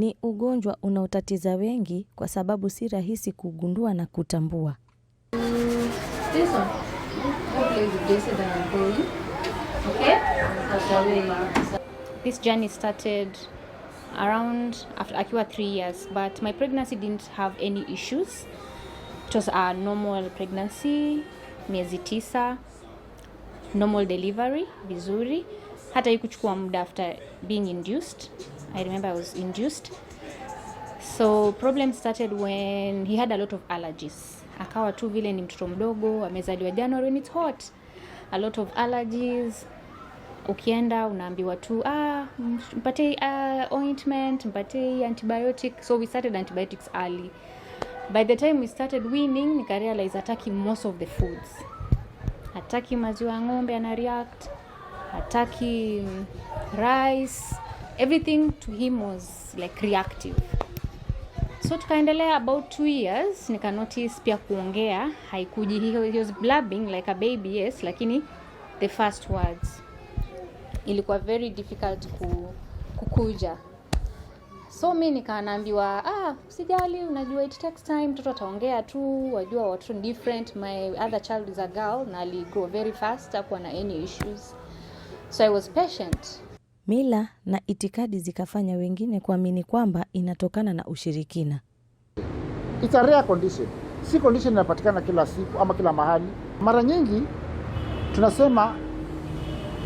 Ni ugonjwa unaotatiza wengi kwa sababu si rahisi kugundua na kutambua. This journey started around after akiwa 3 years but my pregnancy didn't have any issues. It was a normal pregnancy, miezi tisa, normal delivery vizuri, hata ikuchukua muda after being induced. I remember I was induced. So problem started when he had a lot of allergies. Akawa tu vile ni mtoto mdogo, amezaliwa January when it's hot. A lot of allergies. Ukienda unaambiwa tu ah, mpate uh, ointment, mpate antibiotic. So we started antibiotics early. By the time we started weaning, nikarealize ataki most of the foods. ataki maziwa ya ng'ombe, ana react. Ataki mm, rice everything to him was like reactive. So tukaendelea about two years, nika notice pia kuongea haikuji, he was blabbing like a baby yes, lakini the first words ilikuwa very difficult ku, kukuja. So mi nikanaambiwa ah, sijali, unajua it takes time, mtoto ataongea tu, wajua watu different. My other child is a girl na aligrow very fast, hakuwa na any issues, so I was patient mila na itikadi zikafanya wengine kuamini kwamba inatokana na ushirikina. It's a rare condition. Si condition inapatikana kila siku ama kila mahali. Mara nyingi tunasema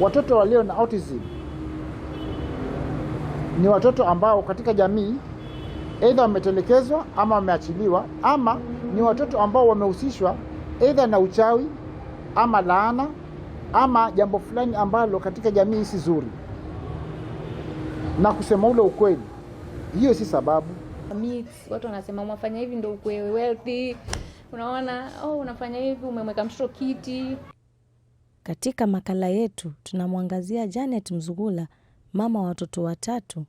watoto walio na autism ni watoto ambao katika jamii aidha wametelekezwa ama wameachiliwa, ama ni watoto ambao wamehusishwa aidha na uchawi ama laana ama jambo fulani ambalo katika jamii si zuri na kusema ule ukweli, hiyo si sababu. Mix, watu wanasema umefanya hivi ndio ukwe wealthy. Unaona, oh, unafanya hivi umemweka mtoto kiti. Katika makala yetu tunamwangazia Janet Mzugula, mama wa watoto watatu,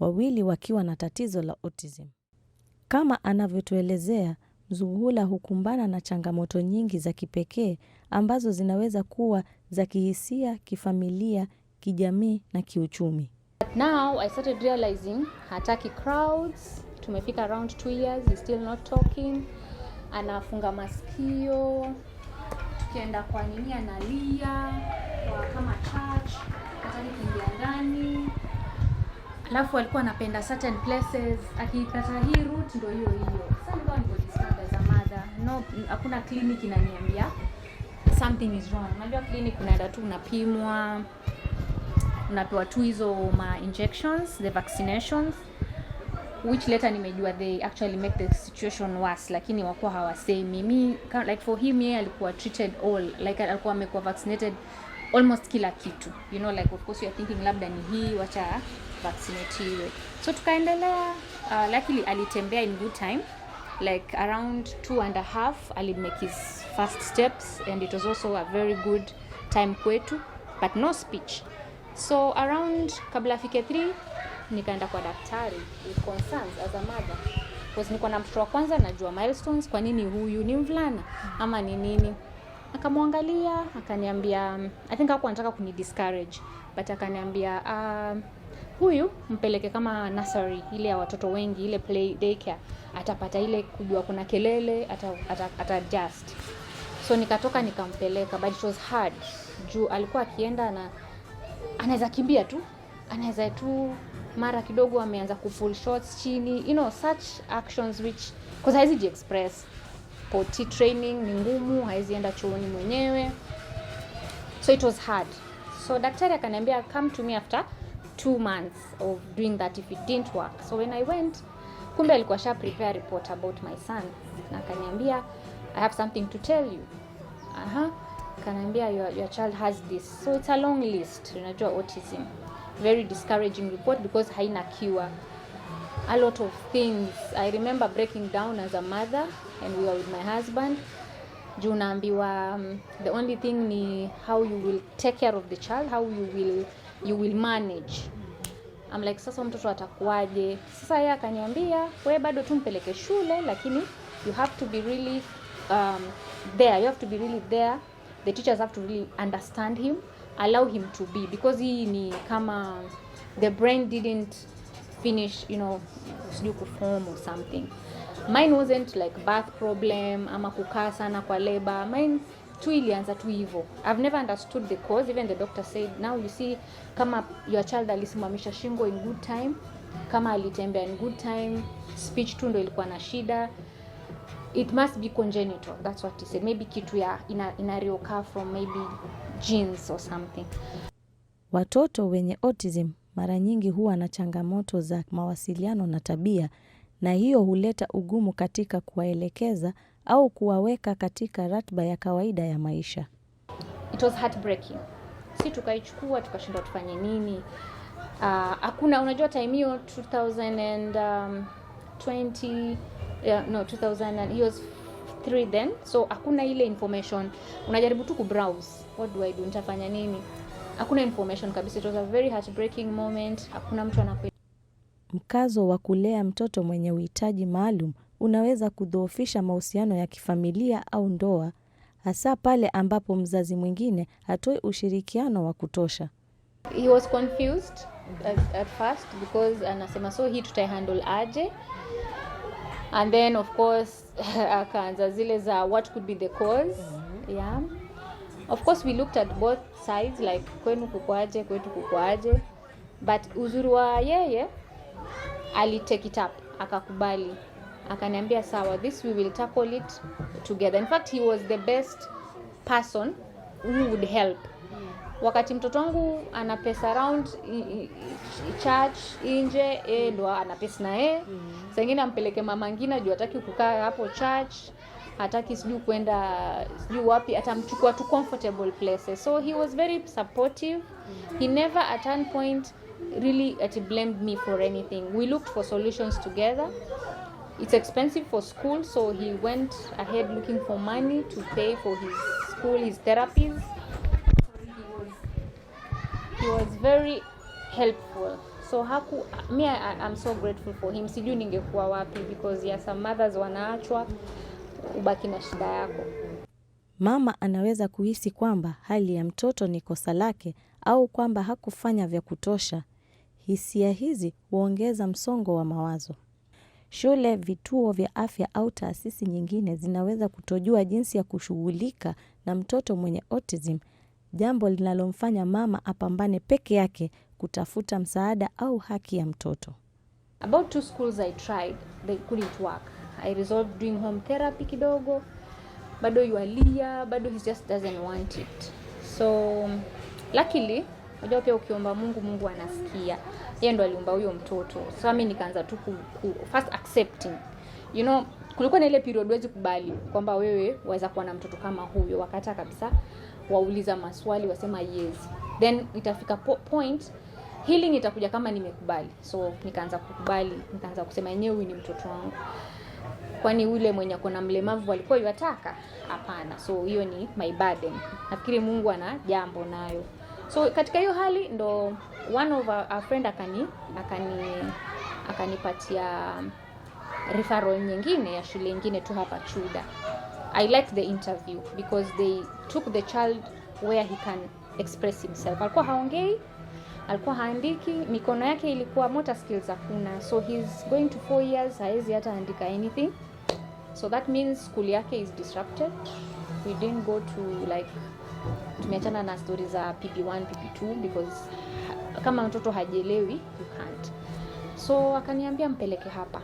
wawili wakiwa na tatizo la autism. Kama anavyotuelezea Mzugula, hukumbana na changamoto nyingi za kipekee ambazo zinaweza kuwa za kihisia, kifamilia, kijamii na kiuchumi. Now I started realizing hataki crowds. Tumefika around two years, he's still not talking. Anafunga masikio, tukienda kwa nini analia kwa kama church, hataki kuingia ndani. Alafu alikuwa anapenda certain places, akipata hii route ndo hiyo hiyo. Sasa ndio niko as mother. No, hakuna clinic inaniambia something is wrong. Unajua clinic unaenda tu unapimwa unapewa tu hizo ma injections the vaccinations which later nimejua they actually make the situation worse, lakini wakuwa hawasei mimi like for him yeye alikuwa treated all like alikuwa amekuwa vaccinated almost kila kitu you know like of course you are thinking labda ni hii wacha vaccinatiwe, so tukaendelea. Uh, luckily alitembea in good time like around two and a half ali make his first steps and it was also a very good time kwetu but no speech So around kabla afike 3 nikaenda kwa daktari with concerns as a mother because niko na mtoto wa kwanza, najua milestones, kwa nini huyu ni mvulana ama ni nini? Akamwangalia akaniambia, I think hakuwa anataka kuni discourage but akaniambia uh, huyu mpeleke kama nursery ile ya watoto wengi, ile play daycare, atapata ile kujua kuna kelele, ata adjust. So nikatoka nikampeleka, but it was hard juu alikuwa akienda na anaweza kimbia tu, anaweza tu mara kidogo ameanza ku shots chini, you know such actions which cause haizi ji express. training ni ngumu, haizi enda chooni mwenyewe, so it was hard. So daktari akaniambia come to me after two months of doing that if it didn't work. So when I went, kumbe alikuwa sha prepare report about my son na akaniambia I have something to tell you. Aha. Uh-huh kanaambia your, your child has this, so it's a long list. Unajua autism very discouraging report because haina cure a lot of things. I remember breaking down as a mother and we were with my husband juu naambiwa um, the only thing ni how you will take care of the child how you will, you will manage I'm like sasa mtoto atakuwaje? Sasa yeye akaniambia we bado tumpeleke shule, lakini you have to be really um, there, you have to be really there the teachers have to really understand him allow him to be because hii ni kama the brain didn't finish you know sijui kuform or something mine wasn't like birth problem ama kukaa sana kwa leba mine tu ilianza tu hivo i've never understood the cause even the doctor said now you see kama your child alisimamisha shingo in good time kama alitembea in good time speech tu ndo ilikuwa na shida it must be congenital that's what he said maybe kitu ya ina, ina reoccur from maybe genes or something. Watoto wenye autism mara nyingi huwa na changamoto za mawasiliano na tabia, na hiyo huleta ugumu katika kuwaelekeza au kuwaweka katika ratiba ya kawaida ya maisha. It was heartbreaking, si tukaichukua tukashindwa tufanye nini. Ah, hakuna uh, unajua time hiyo 2020 um, yeah, no 2009 he was three then, so hakuna ile information. Unajaribu tu kubrowse, what do I do, nitafanya nini? Hakuna information kabisa. It was a very heartbreaking moment. Hakuna mtu anakuelewa. Mkazo wa kulea mtoto mwenye uhitaji maalum unaweza kudhoofisha mahusiano ya kifamilia au ndoa, hasa pale ambapo mzazi mwingine hatoi ushirikiano wa kutosha. He was confused at, at first because anasema so hii tutaihandle aje and then of course akaanza zile za what could be the cause mm-hmm. yeah of course we looked at both sides like kwenu kukwaje kwetu kukwaje but uzuri wa yeye alitake it up akakubali akaniambia sawa this we will tackle it together in fact he was the best person who would help wakati mtoto wangu ana pesa around church nje, e, ndo ana pesa na yeye mm -hmm. Saa ampeleke mama ngine juu hataki kukaa hapo church, hataki sijui kwenda sijui wapi, atamchukua tu comfortable places. So he was very supportive mm -hmm. He never at any point really at blamed me for anything. We looked for solutions together. It's expensive for school, so he went ahead looking for money to pay for his school, his therapies he was very helpful so haku me I, I'm so grateful for him. Sijui ningekuwa wapi because yeah, some mothers wanaachwa ubaki na shida yako. Mama anaweza kuhisi kwamba hali ya mtoto ni kosa lake au kwamba hakufanya vya kutosha. Hisia hizi huongeza msongo wa mawazo. Shule, vituo vya afya au taasisi nyingine zinaweza kutojua jinsi ya kushughulika na mtoto mwenye autism jambo linalomfanya mama apambane peke yake kutafuta msaada au haki ya mtoto. About two schools I tried, they couldn't work. I resolved doing home therapy kidogo, bado yualia, bado he just doesn't want it. So luckily unajua pia ukiomba Mungu, Mungu anasikia. Yeye ndo aliumba huyo mtoto. So mimi nikaanza tu ku, ku first accepting. You know, kulikuwa na ile period huwezi kubali kwamba wewe waweza kuwa na mtoto kama huyo, wakata kabisa wauliza maswali, wasema yes, then itafika po point hili nitakuja kama nimekubali. So nikaanza kukubali, nikaanza kusema yenyewe huyu ni mtoto wangu, kwani ule mwenye kona mlemavu walikuwa yuataka? Hapana. So hiyo ni my burden, nafikiri Mungu ana jambo nayo. So katika hiyo hali ndo one of our friend akani akani akanipatia referral nyingine ya shule nyingine tu hapa Chuda. I like the interview because they took the child where he can express himself. Alikuwa haongei, alikuwa haandiki, mikono yake ilikuwa motor skills hakuna, so he's going to four years, haezi hata andika anything, so that means school yake is disrupted. We didn't go to like, tumeachana na stori za PP1 PP2 because kama mtoto hajielewi you can't. So akaniambia mpeleke hapa,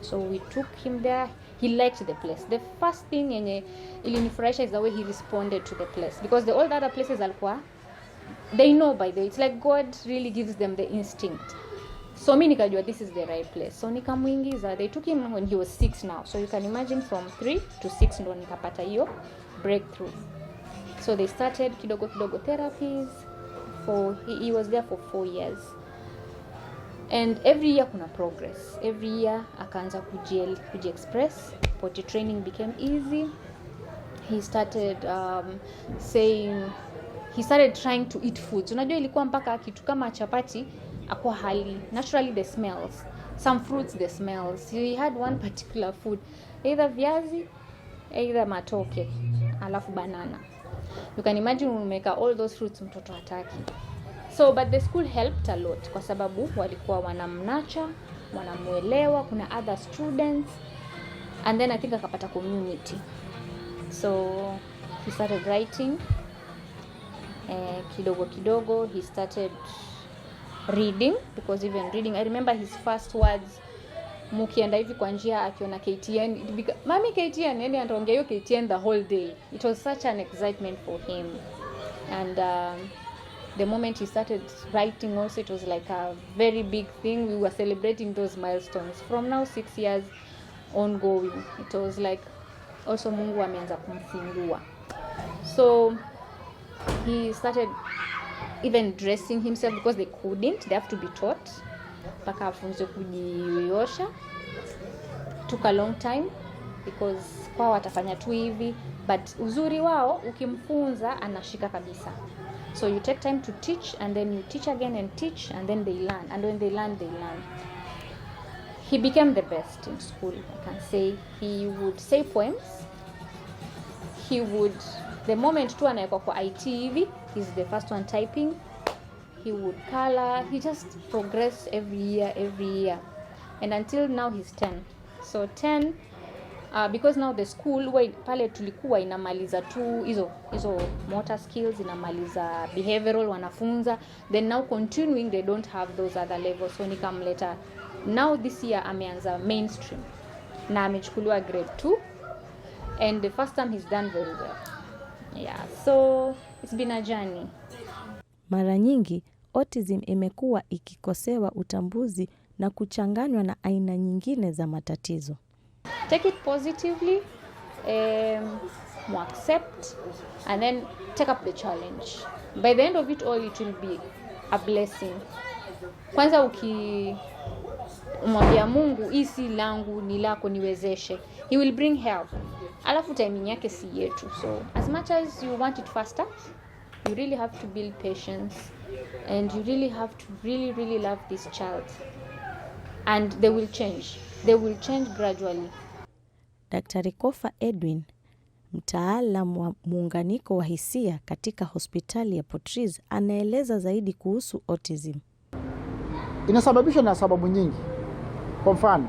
so we took him there he liked the place. The first thing yenye ilinifurahisha is the way he responded to the place because the all the other places alikuwa they know by the way. It's like God really gives them the instinct. So mi nikajua this is the right place. So nikamuingiza. They took him when he was six now. So you can imagine from three to six ndo nikapata hiyo breakthrough. So they started kidogo kidogo therapies for he, he was there for four years and every year kuna progress every year akaanza kujiexpress kuji potty training became easy he started um, saying he started trying to eat foods unajua ilikuwa mpaka kitu kama chapati akwa hali naturally the smells some fruits the smells he had one particular food either viazi either matoke alafu banana you can imagine umeweka all those fruits mtoto ataki So but the school helped a lot kwa sababu walikuwa wanamnacha, wanamwelewa, kuna other students and then I think akapata community. So he started writing eh, kidogo kidogo he started reading because even reading I remember his first words mukienda hivi kwa njia akiona KTN mami KTN, yani anaongea hiyo KTN the whole day. It was such an excitement for him and uh, the moment he started writing also it was like a very big thing we were celebrating those milestones from now six years ongoing it was like also mungu ameanza kumfungua so he started even dressing himself because they couldn't they have to be taught mpaka afunze kujiosha took a long time because kwao watafanya tu hivi but uzuri wao ukimfunza anashika kabisa. So you take time to teach and then you teach again and teach and then they learn and when they learn they learn. He became the best in school. I can say he would say poems. He would the moment tu anawekwa kwa IT hivi, he's the first one typing. He would color. He just progressed every year every year and until now he's 10. So 10 uh, because now the school where, pale tulikuwa inamaliza tu hizo hizo motor skills inamaliza behavioral wanafunza then now continuing they don't have those other levels so nikamleta now this year ameanza mainstream na amechukuliwa grade 2 and the first time he's done very well yeah so it's been a journey mara nyingi autism imekuwa ikikosewa utambuzi na kuchanganywa na aina nyingine za matatizo take it positively um, accept and then take up the challenge by the end of it all it will be a blessing kwanza uki Mungu hii si langu ni lako niwezeshe he will bring help alafu timing yake si yetu so as much as you want it faster you really have to build patience and you really have to really really love this child and they will change they will change gradually. Daktari Kofa Edwin, mtaalam wa muunganiko wa hisia katika hospitali ya Potris, anaeleza zaidi kuhusu autism. Inasababishwa na sababu nyingi. Kwa mfano,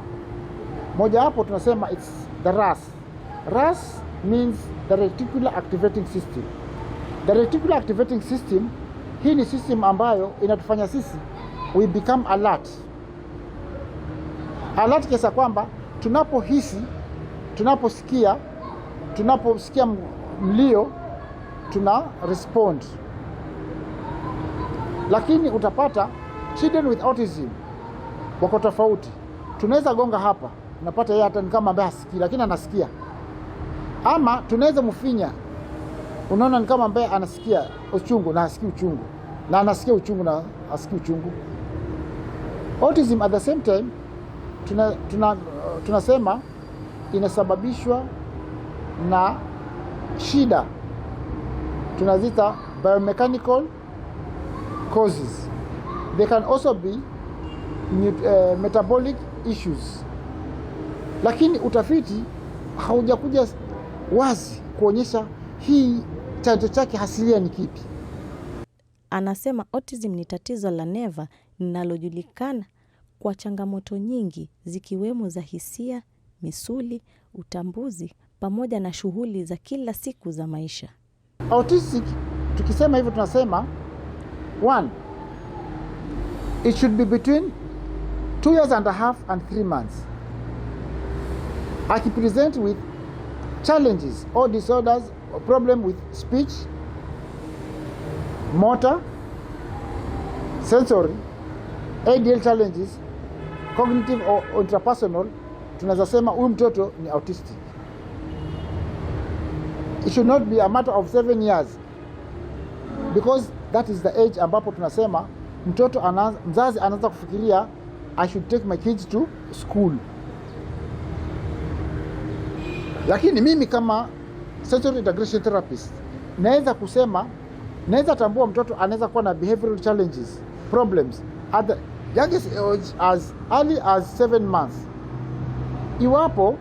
mojawapo tunasema it's the RAS. RAS means the reticular activating system. The reticular activating system, hii ni system ambayo inatufanya sisi we become alert Alati kiasi kwamba tunapohisi, tunaposikia, tunaposikia mlio tuna respond. Lakini utapata children with autism wako tofauti. Tunaweza gonga hapa, unapata yeye hata ni kama ambaye hasikii, lakini anasikia, ama tunaweza mfinya, unaona ni kama ambaye anasikia uchungu na hasikii uchungu, na anasikia uchungu na hasikii uchungu. Autism at the same time tuna, tuna, tunasema inasababishwa na shida tunazita biomechanical causes. They can also be uh, metabolic issues, lakini utafiti haujakuja wazi kuonyesha hii chanzo chake hasilia ni kipi. Anasema autism ni tatizo la neva linalojulikana kwa changamoto nyingi zikiwemo za hisia, misuli, utambuzi pamoja na shughuli za kila siku za maisha. Autistic, tukisema hivyo tunasema one, it should be between two years and a half and three months akipresent with challenges or disorders or problem with speech, motor, sensory, ADL challenges cognitive or intrapersonal, tunaweza sema huyu mtoto ni autistic. It should not be a matter of seven years because that is the age ambapo tunasema mtoto mzazi anaanza kufikiria I should take my kids to school. Lakini mimi kama sensory integration therapist naweza kusema, naweza tambua mtoto anaweza kuwa na behavioral challenges problems at the youngest age as early as 7 months. Iwapo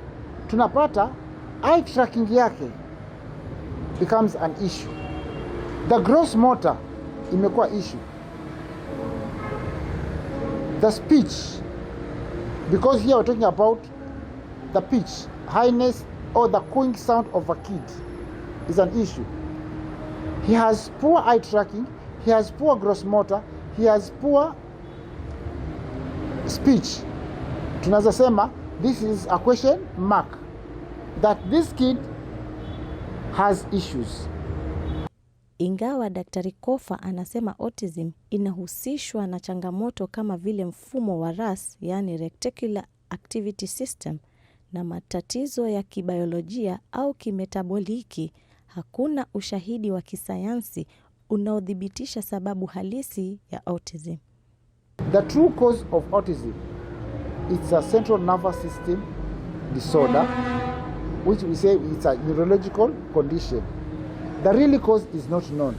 tunapata eye tracking yake becomes an issue. The gross motor imekuwa issue. The speech because here we're talking about the pitch highness or the cooing sound of a kid is an issue. He has poor eye tracking, he has poor gross motor, he has poor speech tunaweza sema this is a question mark that this kid has issues. Ingawa Daktari Kofa anasema autism inahusishwa na changamoto kama vile mfumo wa RAS, yani rectecular Activity System, na matatizo ya kibiolojia au kimetaboliki, hakuna ushahidi wa kisayansi unaothibitisha sababu halisi ya autism. The true cause of autism is a central nervous system disorder, which we say is a neurological condition. The real cause is not known.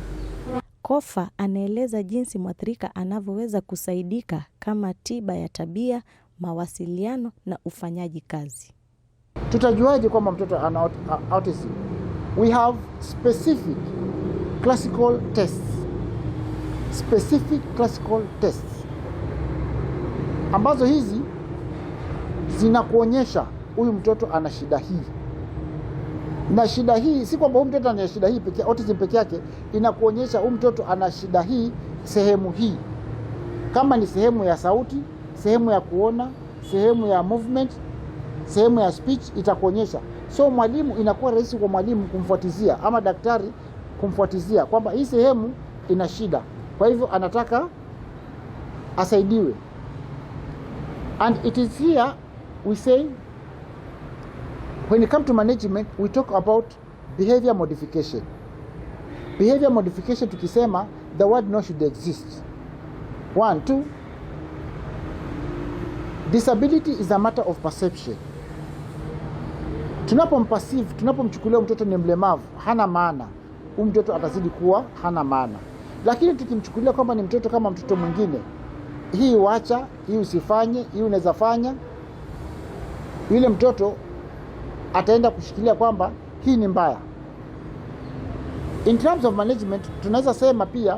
Kofa anaeleza jinsi mwathirika anavyoweza kusaidika kama tiba ya tabia, mawasiliano na ufanyaji kazi. Tutajuaje kwamba mtoto ana autism? We have specific classical tests. Specific classical tests ambazo hizi zinakuonyesha huyu mtoto ana shida hii na shida hii si kwamba huyu mtoto ana shida hii peke, autism peke yake. Inakuonyesha huyu mtoto ana shida hii sehemu hii, kama ni sehemu ya sauti, sehemu ya kuona, sehemu ya movement, sehemu ya speech itakuonyesha. So mwalimu, inakuwa rahisi kwa mwalimu kumfuatizia ama daktari kumfuatizia kwamba hii sehemu ina shida, kwa hivyo anataka asaidiwe. And it is here we say, when it comes to management, we talk about behavior modification. Behavior modification tukisema, the word no should exist. One, two, disability is a matter of perception. Tunapompasive, tunapomchukulia mtoto ni mlemavu, hana maana, huyu mtoto atazidi kuwa hana maana, lakini tukimchukulia kwamba ni mtoto kama mtoto mwingine hii wacha, hii usifanye, hii unaweza fanya, yule mtoto ataenda kushikilia kwamba hii ni mbaya. In terms of management, tunaweza sema pia,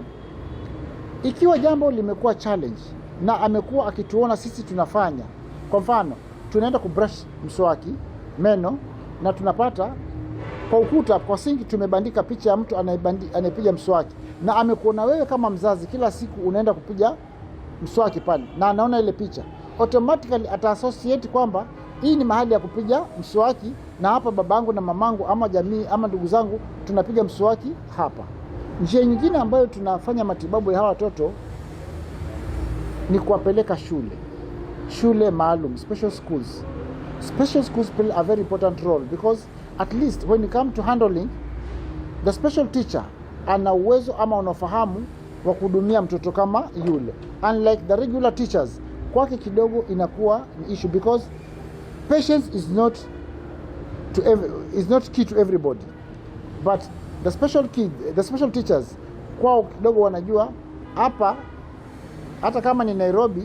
ikiwa jambo limekuwa challenge na amekuwa akituona sisi tunafanya, kwa mfano tunaenda kubrush mswaki meno na tunapata kwa ukuta kwa sinki tumebandika picha ya mtu anayepiga mswaki, na amekuona wewe kama mzazi kila siku unaenda kupiga mswaki pale na anaona ile picha, automatically ataassociate kwamba hii ni mahali ya kupiga mswaki, na hapa babangu na mamangu ama jamii ama ndugu zangu tunapiga mswaki hapa. Njia nyingine ambayo tunafanya matibabu ya hawa watoto ni kuwapeleka shule, shule maalum, special schools. Special schools play a very important role because at least when you come to handling the special teacher ana uwezo ama unafahamu wa kuhudumia mtoto kama yule, unlike the regular teachers. Kwake kidogo inakuwa ni issue because patience is not to every, is not key to everybody but the special kid, the special teachers kwao kidogo wanajua hapa. Hata kama ni Nairobi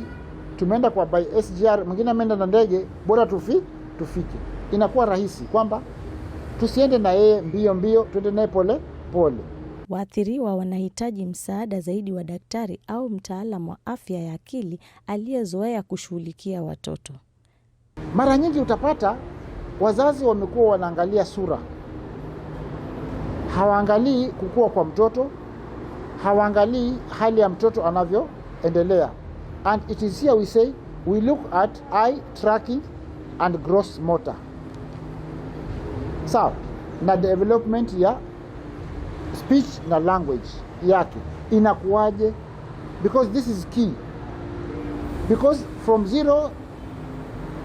tumeenda kwa by SGR, mwingine ameenda na ndege, bora tufi tufike. Inakuwa rahisi kwamba tusiende na yeye mbio mbio, tuende naye pole pole. Waathiriwa wanahitaji msaada zaidi wa daktari au mtaalam wa afya ya akili aliyezoea kushughulikia watoto. Mara nyingi utapata wazazi wamekuwa wanaangalia sura, hawaangalii kukua kwa mtoto, hawaangalii hali ya mtoto anavyoendelea. And it is here we say we look at eye tracking and gross motor, sawa na development ya speech na language yake inakuwaje, because this is key, because from zero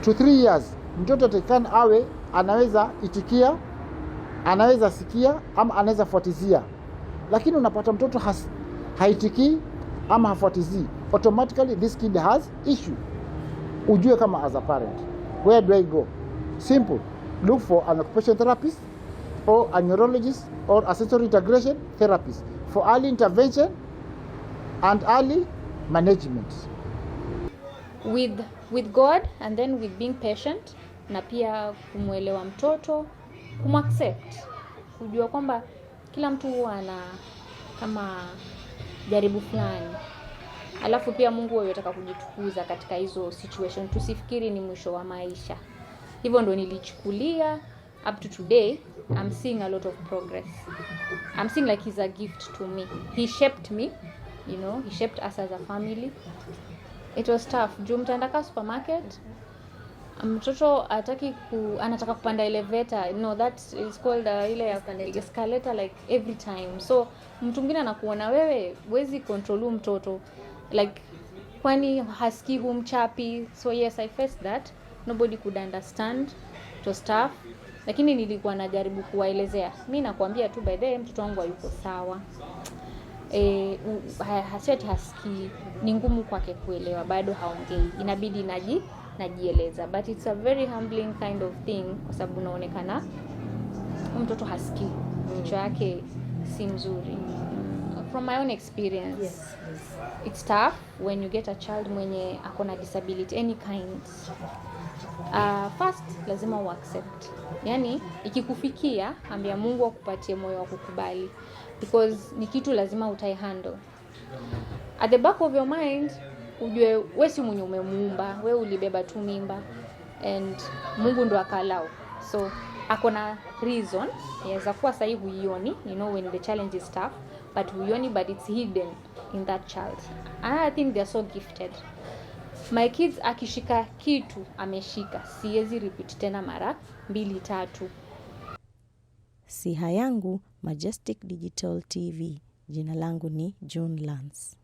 to three years mtoto atakikana awe anaweza itikia, anaweza sikia ama anaweza fuatizia, lakini unapata mtoto has, haitikii ama hafuatizii, automatically this kid has issue. Ujue kama as a parent, where do I go? Simple, look for an occupation therapist or a neurologist or sensory integration therapist for early intervention and early management with with God and then with being patient na pia kumwelewa mtoto kumaccept kujua kwamba kila mtu huwa ana kama jaribu fulani alafu pia Mungu anataka kujitukuza katika hizo situation tusifikiri ni mwisho wa maisha hivyo ndo nilichukulia up to today I'm seeing a lot of progress. I'm seeing like he's a gift to me. He shaped me, you know, he shaped us as a family. It was tough. Juu mtaandaka supermarket. Mtoto ataki ku anataka kupanda elevator. No, that is called uh, ile escalator. like every time. So mtu mwingine anakuona wewe wezi control mtoto. Like kwani haski humchapi. So yes, I faced that. Nobody could understand. It was tough lakini nilikuwa najaribu kuwaelezea, mi nakwambia tu by the way, mtoto wangu hayuko sawa e, hasiati hasikii, ni ngumu kwake kuelewa, bado haongei, inabidi naji najieleza, but it's a very humbling kind of thing, kwa sababu unaonekana mtoto hasikii, kichwa mm. yake si mzuri from my own experience yes, yes. It's tough when you get a child mwenye akona disability any kind Uh, first lazima uaccept, yaani ikikufikia ambia Mungu akupatie moyo wa kukubali, because ni kitu lazima utai handle at the back of your mind. Ujue we si mwenye umemuumba, we ulibeba tu mimba and Mungu ndo akalao, so ako na reason yaweza kuwa sahii huioni, you know when the challenge is tough but huioni, but it's hidden in that child and I think they are so gifted My kids akishika kitu ameshika, siwezi repeat tena mara mbili tatu. Siha yangu Majestic Digital TV. Jina langu ni June Lance.